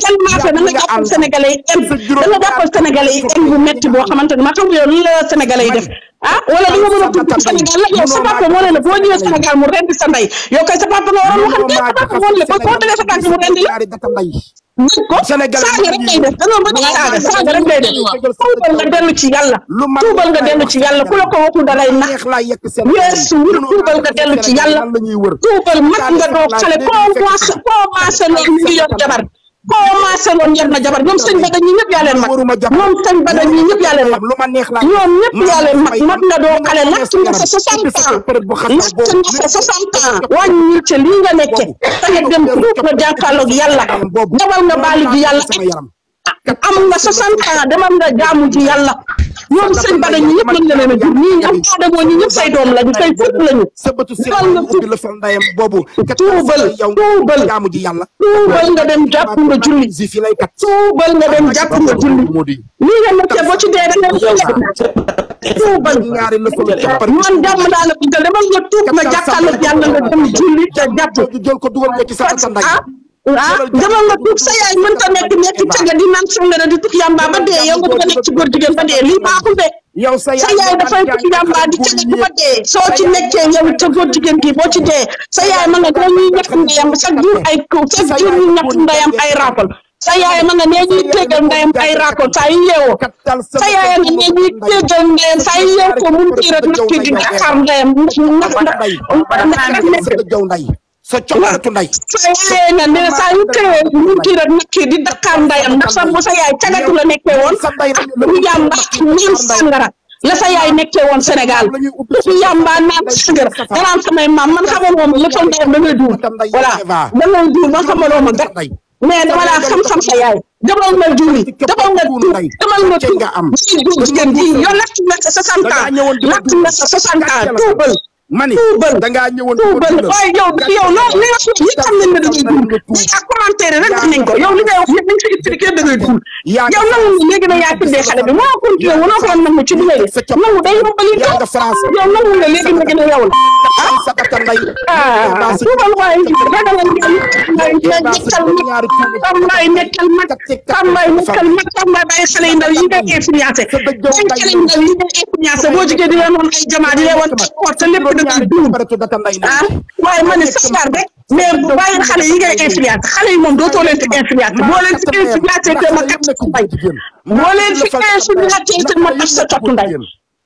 seen marché dana jàppal sénégalais yi en dana jàppal sénégalais yi en bu métti boo xamante ne ma xam yow lu la sénégalais yi def ah wala li nga mën a tudd Sénégal la yow sa papa moo ne la boo ñëwee Sénégal mu rendi sa ndey yow kay sa papa nga waroon waxal sa papa moo ne la boo tegee sa tànk mu rendi la mën ko saaga rek lay def danoon ba nga saaga saaga rek lay def tuubal nga dellu ci yàlla tuubal nga dellu ci yàlla ku la ko waxul da lay nax weesu wul tuubal nga dellu ci yàlla tuubal mat nga doo xale koo commencé koo maase noonu mu ngi yor jabar commencé woon yor na jabar ñoom sëñ Bada ñi ñëpp yaa leen mag ñoom sëñ Bada ñi ñëpp yaa leen mag ñoom ñëpp yaa leen mag na doo xale natt nga sa soixante ans natt nga sa soixante ans wàññi ci lii nga nekke te nga dem tuub nga jàkkaarloog yàlla dawal nga baali bi am nga 60 ans demal nga jaamu ci yàlla ñoom sëñ Bada ñi ñëpp lañ la leen a jur ñii ñi am aadamoo ñi ñëpp say doom lañu say sët lañu. fal nga fi tuubal tuubal tuubal nga dem jàpp nga julli tuubal nga dem jàpp nga julli lii nga nekkee boo ci dee rek tuubal nga dem julli te jàpp ah demal nga tuub sa yaay mënta nekk nekk caga di naan sangara di tux yàmba ba dee yow nga bëgg a sa yaay dafay tux yàmba di caga di ba dee soo ci nekkee yow ca góor jigéen gi boo ci dee sa yaay ma nga nee ñuy ñàkk ndeyam chaque jour yaay ma nga nee ñuy téegal ndeyam ay rappal yeewoo sa coxatu nday. kii rek nag kii di daqaar ndayam sa bu sa yaay cagatu la woon yàmba naan sàngara la sa yaay nekkee woon Sénégal bu yàmba naan sàngara danaan samay maam man xamal moom la sa ndayam da ngay duur voilà da man xamaloo ma gat mais dama xam-xam sa yaay demal nga julli demal nga tuub demal nga tuub jigéen ji yow lakk nga sa soixante ans lakk nga mani da ngaa ñëwoon tuubal waaye yow yow loo li nga suuf ñëpp xam nañ ne da ngay duul mais ak commentaire rek wax nañ a yow li ngay wax yëpp nañ fi expliqué da ngay duul yow nangu léegi na yaa tuddee xale bi mënoo continué mënoo ko woon nangu ci li ngay def nangu day yombali yow nangu nga léegi na gën a yow la ah tuubal waaye ragal nga nekkal mag tàmbaay nekkal mag tàmbaay nekkal mag tàmbaay bàyyi xale yu ndaw yi ngay influencé xale yu ndaw yi ngay influencé boo jigéen di leen woon ay jamaa di leen woon te lépp Ah, waaye ma ne saxaar rek mais bàyyil xale yi ngay influence xale yi moom dootoo leen fi influence boo leen fi influence te ma mbay boo leen fi influence te ma kat sa cottu nday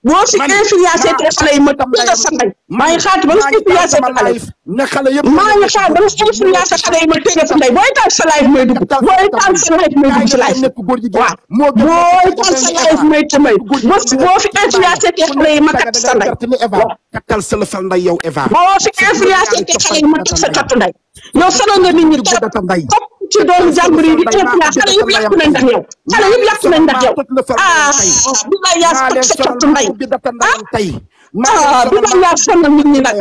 boo si influencé te xale yi ma toog nga sa ndey maa ngi xaar ba yi maa ba nga influencé xale ma teg sa ndey booy taal sa live may dugg booy taal sa live may dugg si live waaw booy taal sa live may te may boo fi influencé te xale yi ma kat sa boo fi influencé te xale yi ma teg sa kattu ndey yow nga nit ñi trop ci doomu jàmbur yi di teel a xale yëpp yàqu nañ ndax yow xale yëpp yàqu nañ ndax yow ah, bi la yaa sa sa cottu mbay ah, ah bi la yaa sonal nit ñi nag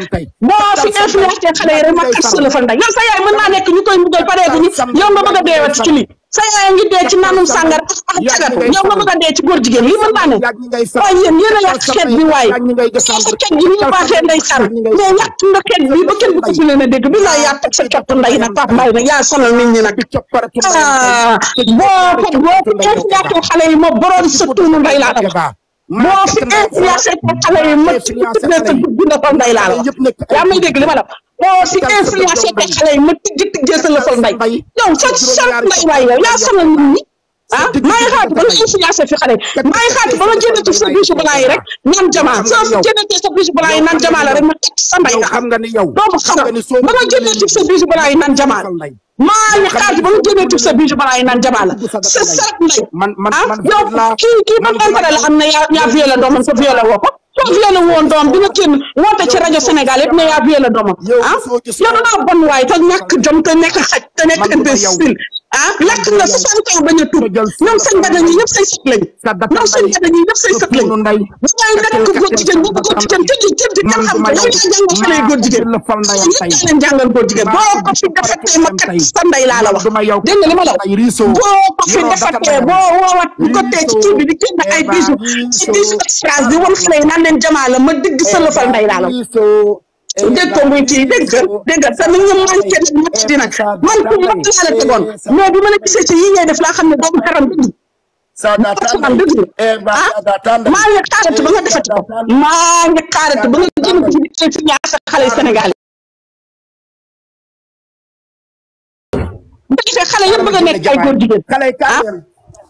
boo fi influencé xale yi rek ma kàcce la fa nday yow sa yaay mën naa nekk ñu koy mbugal pareegu ñu yow nga bëgg a deewati sa yaay ngi dee ci naanum sàngara tax tax cagat yow nga bëgg a dee ci góor jigéen lii mën naa ne waaye yéen yéen a yàq xeet bi waaye sa xeet bi ñu baaxee nday sànn mais yàq nga xeet bi ba kenn bu ko fi leen a dégg bi laa yaa teg sa copp nday nag Pape Mbaye nag yaa sonal nit ñi nag ah boo ko boo ko influencé xale sa tuunu nday laa def boo fi influencé xale na ko nday laa yaa may dégg ma la boo si influencé ko xale yi ma tijji tijjee sa lëfal mbay yow sa sal mbay waay yow yaa sonal nit ñi ah maa ngi xaatu ba nga influencé fi xale yi maa ngi xaatu ba nga jëndatu sa bisu balaa yi rek naan jamaa soo jëndatee sa bisu balaa yi naan jamaa la rek ma teg sa mbay xam nga ni yow doomu xaram ba nga jëndatu sa bisu balaa yi naan jamaa maa ngi xaatu ba nga jëndatu sa bisu balaa yi naan jamaa la sa sal mbay ah yow kii kii ban la am na yaa yaa violé doo man sa violé woo ko soo viole woon doom dina génn woote ci rajo Sénégal yëpp ne yaa viole doomam ah yow dangaa bon waay te ñàkk jom te nekk xaj te nekk imbécile ah lakk nga soixante ans bañ a tuub ñoom sëñ Bada ñii ñëpp say sët lañ ñoom sëñ Bada ñii ñëpp say sët lañ waaye nga nekk góor jigéen boobu góor jigéen te jël di kan xam yow yaa jàngal xale góor jigéen ñëpp yaa leen jàngal góor jigéen boo ko fi defatee ma kat sa ndey laa la wax dégg nga li ma la wax boo ko fi defatee boo woowat bu ko tee ci kii bi di génn ay bijoux ci bijoux extras di wan xale yi naan leen jamaa la ma digg sa lëfal ndey laa la wax dégg ko muy kii dégg nga oh, dégg nga sax ñoom eh, man kenn màcc di nag man ku mën laa la eh, tegoon mais bi ma la gisee ci yi ngay def laa xam ne doomu xaram dëgg doomu xaram dëgg eh, ah maa ngi xaarati ba nga defati ko maa ngi xaarati ba nga jëm ci biir ci ñaar sa xale Sénégal yi. bu gisee xale yëpp bëgg a nekk ay góor jigéen ah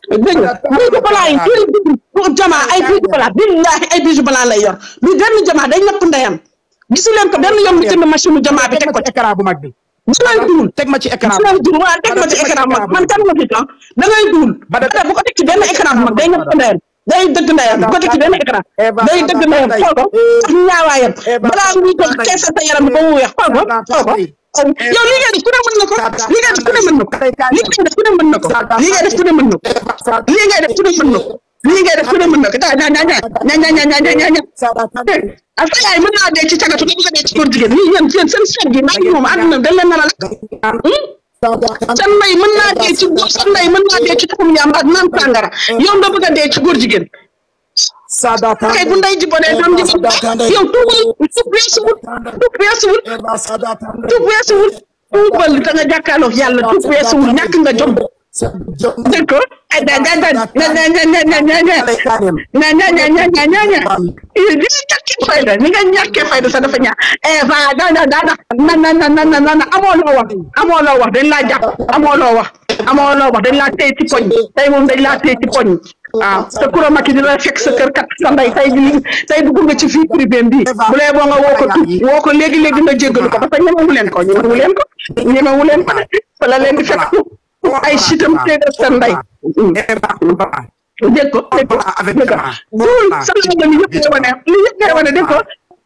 dégg nga bijoux balaa yi kii la dugg pour jamaa ay bijoux balaa billahi ay bijoux balaa lay yor bi benn jamaa day napp ndeyam. gisu leen ko benn yoon mu jënd machine jamaa bi teg ko ci écran bu mag bi. dangay duul teg ma ci écran bu mag waaw teg ma ci écran bu mag man kan ma fi ah dangay duul. ba dara bu ko teg ci benn écran bu mag day nekk ndeyam day dëgg ndeyam bu ko teg ci benn écran day dëgg ndeyam xool ko ak ñaawaayam balaa muy ko keese sa yaram bi ba mu weex xool ko xool ko. yow li ngay def ku ne mën na ko li ngay def ku ne mën na ko li ngay def ku ne mën na ko li ngay def ku ne mën na ko li ngay def ku ne mën na ko. lii ngay def ku ne mën na ko daa ñaa ñaa ñaa ñaa ñaa ñaa ñaa ñaa ñaa ak sa yaay mën naa dee ci cagatu nga bëgg a dee ci góor jigéen ñii ñoom seen seen sër gi maa ngi moom àdduna dañ leen nar a lakk sa ndey mën naa dee ci góor sa ndey mën naa dee ci taxum yaam ak naan tàngara yow nga bëgg a dee ci góor jigéen sadaka kay bu ndey ji bonee doom ji yow tuubal tuub weesuwul tuub weesuwul tuub weesuwul tuubal da nga jàkkaarloo yàlla tuub weesuwul ñàkk nga jom D'accord. fayda ni nga ñàkkee fayda sax dafa ñaax Eva daana daana na na na na na amoo loo wax amoo loo wax dañ laa jàpp amoo loo wax amoo loo wax dañ laa téye ci poñ tey moom dañ laa téye ci poñ waaw te Coura Macky dina fekk sa kër kat sa ndey tey jii tey dugg nga ci vie privée bi bu lay boo nga woo ko tu woo ko léegi léegi nga jéggalu ko parce que ñemewu leen ko ñemewu leen ko ñemewu leen ko la leen di fekk ay sitam tey def seen ndey. dégg ko soxlaa nga ni yëpp ngay wane li yëpp ngay wane dégg ko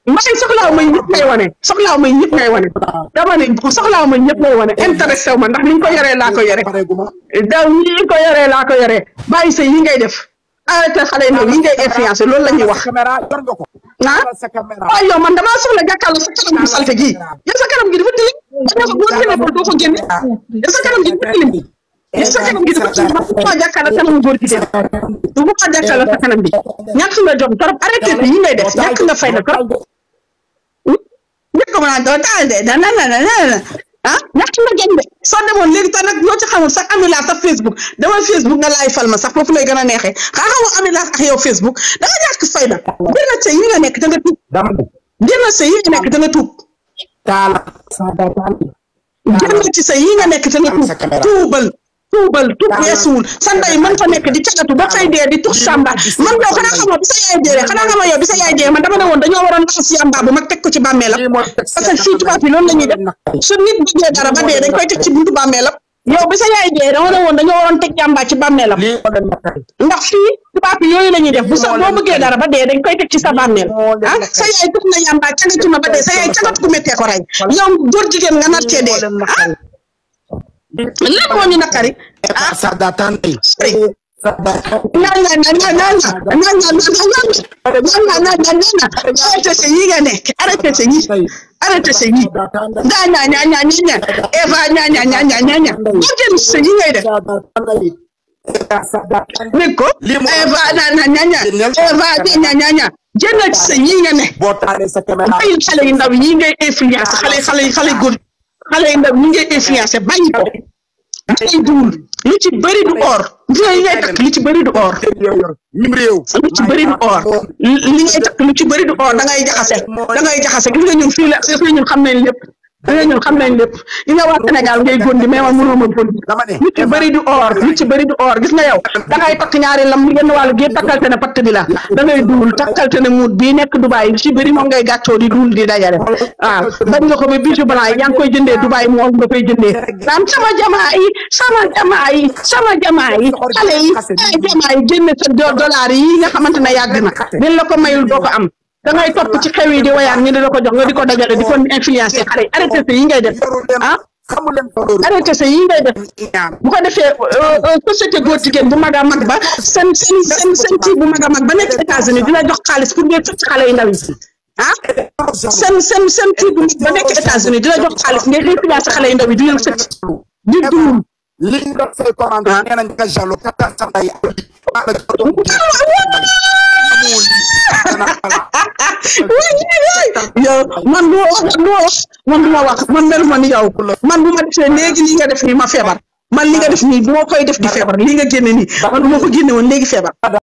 may soxlaaw ma ñëpp ngay wane soxlaaw ma ñëpp ngay wane dama ne soxlaaw ma ñëpp ngay wane intéressé wu ma ndax ni ko yoree laa ko yoree daw ni ñu ko yoree laa ko yoree bàyyi sa yi def arrêté xale yi ndaw yi ngay influencé loolu wax ah waaye yow man damaa soxla jàkkaarloo sa kanam bu salte gii yow sa kanam gi parce que boo téléphone doo ko génne. est ce que kanam gi du tilim bi. est ce kanam gi dafa tilim ko faa jàkkaarloo sa kanam bi ñàkk nga jom trop arrêté bi yi ngay def ñàkk nga fay la trop. ñàkk ko mën a doon daal de dana dana dana ah ñàkk nga jom de soo demoon léegi sax nag loo ci xamul sax ami laa sax Facebook demal Facebook nga laay fal sax foofu lay gën a neexee xaaral ma ami laa ak yow Facebook da nga ñàkk fay la. gën a sëy yi nga nekk da nga tuub. gën a sëy yi nga nekk da nga tuub. taala sa data am génn ci sa yi nga nekk te nga tuubal tuubal tuub weesuwul sa ndey mën fa nekk di ca cagatu ba fay dee di tux sàmba man doo xanaa xamoo bi sa yaay dee xanaa xamoo yow bi sa yaay dee man dama ne woon dañoo waroon laxas yàmba bu mag teg ko ci bàmmeelam parce que fii tubaab yi loolu la ñuy def su nit bëggee dara ba dee dañ koy teg ci buntu bàmmeelam yow bi sa yaay dee dama ne woon dañoo waroon teg jàmbaar ci bàmmeelam ndax fii tubaab yi yooyu la ñuy def bu sa boo bëggee dara ba dee dañ koy teg ci sa bàmmeel ah sa yaay tux na yàmbaar cagatu na ba dee sa yaay cagat ku méttee ko rey yow góor jigéen nga nar cee dee ah lépp moo ñu naqari ah arata senyiga ne arata senyi arata senyi da nya nya nya nya nya eva nya nya nya nya nya nya mutum senyiga da Niko, eva na na nya nya eva de nya nya nya jannat senyiga ne bayu xale yi ndaw yi ngay influence xale xale xale góor xale yi ndaw yi ngay influence bayu ko lu ci duul lu ci bëri du or li ngay takk lu ci bëri du or mim réew lu ci bëri du or li ngay takk lu ci bëri du or da ngay jaxase da ngay jaxase gis nga ñun fii la gis nga ñun xam nañ lépp mais ñun xam nañ lépp gis nga waa Sénégal ngay gondi mais man mënoo ma gondi ñu ci bëri di or ñu ci bëri di or gis nga yow da ngay takk ñaari lam yenn wàllu gi takkalte ne patt bi la da ngay duul takkalte ne muut bii nekk Dubaay ci bëri moom ngay gàccoo di duul di dajale waaw ah, bañ nga ko ba bijou blanc yi ngi koy jëndee Dubaay moom nga koy jëndee naan sama jamaa yi sama jamaa yi sama jamaa yi xale yi jamaa génne sa dollar yi nga xamante ne yàgg na dañ la ko mayul am dangay ngay topp ci xew di wayaat ñu di la ko jox nga di ko dajale di ko influencer xale yi ngay def ah arrêté yi ngay def bu defee euh, euh, société góor bu mag a mag ba seen seen seen seen kii bu mag a mag ba nekk États-Unis di la jox xaalis pour ngay fëcc xale yi ndaw yi ah seen seen seen kii bu mag ba nekk États-Unis di la li ñu doon fay commande nee nañ nga jalo quatre cent ay yow man du ma wax du ma wax man du ma wax man mel ma ni man bu ma defee léegi li nga def nii ma feebar man li nga def nii du ma koy def di feebar li nga génne nii man du ma ko génne woon léegi feebar